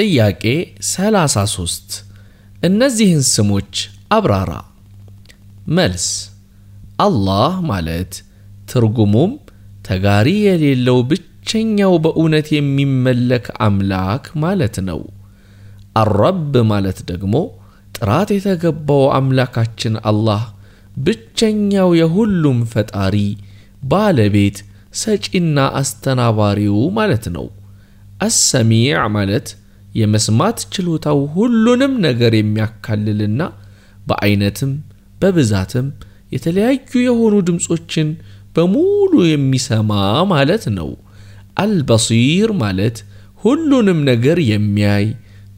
ጥያቄ 33 እነዚህን ስሞች አብራራ። መልስ አላህ ማለት ትርጉሙም ተጋሪ የሌለው ብቸኛው በእውነት የሚመለክ አምላክ ማለት ነው። አረብ ማለት ደግሞ ጥራት የተገባው አምላካችን አላህ ብቸኛው የሁሉም ፈጣሪ ባለቤት፣ ሰጪና አስተናባሪው ማለት ነው። አሰሚዕ ማለት የመስማት ችሎታው ሁሉንም ነገር የሚያካልልና በአይነትም በብዛትም የተለያዩ የሆኑ ድምፆችን በሙሉ የሚሰማ ማለት ነው። አልበሲር ማለት ሁሉንም ነገር የሚያይ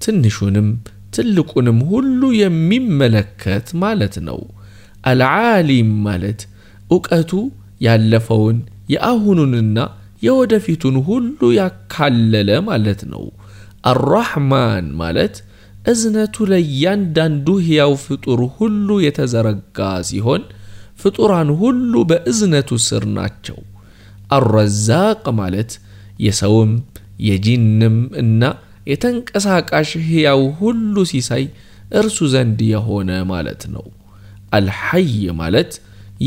ትንሹንም ትልቁንም ሁሉ የሚመለከት ማለት ነው። አልዓሊም ማለት እውቀቱ ያለፈውን የአሁኑንና የወደፊቱን ሁሉ ያካለለ ማለት ነው። አራሕማን ማለት እዝነቱ ለእያንዳንዱ ሕያው ፍጡር ሁሉ የተዘረጋ ሲሆን ፍጡራን ሁሉ በእዝነቱ ስር ናቸው። አረዛቅ ማለት የሰውም የጂንም እና የተንቀሳቃሽ ሕያው ሁሉ ሲሳይ እርሱ ዘንድ የሆነ ማለት ነው። አልሐይ ማለት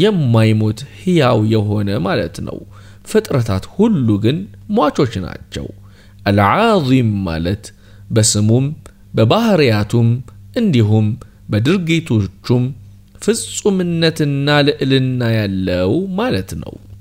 የማይሞት ሕያው የሆነ ማለት ነው። ፍጥረታት ሁሉ ግን ሟቾች ናቸው። العظيم مالت بسموم ببهرياتم انديهم بدرجيتوشم فسو منتنا لإلنا يلو مالتنو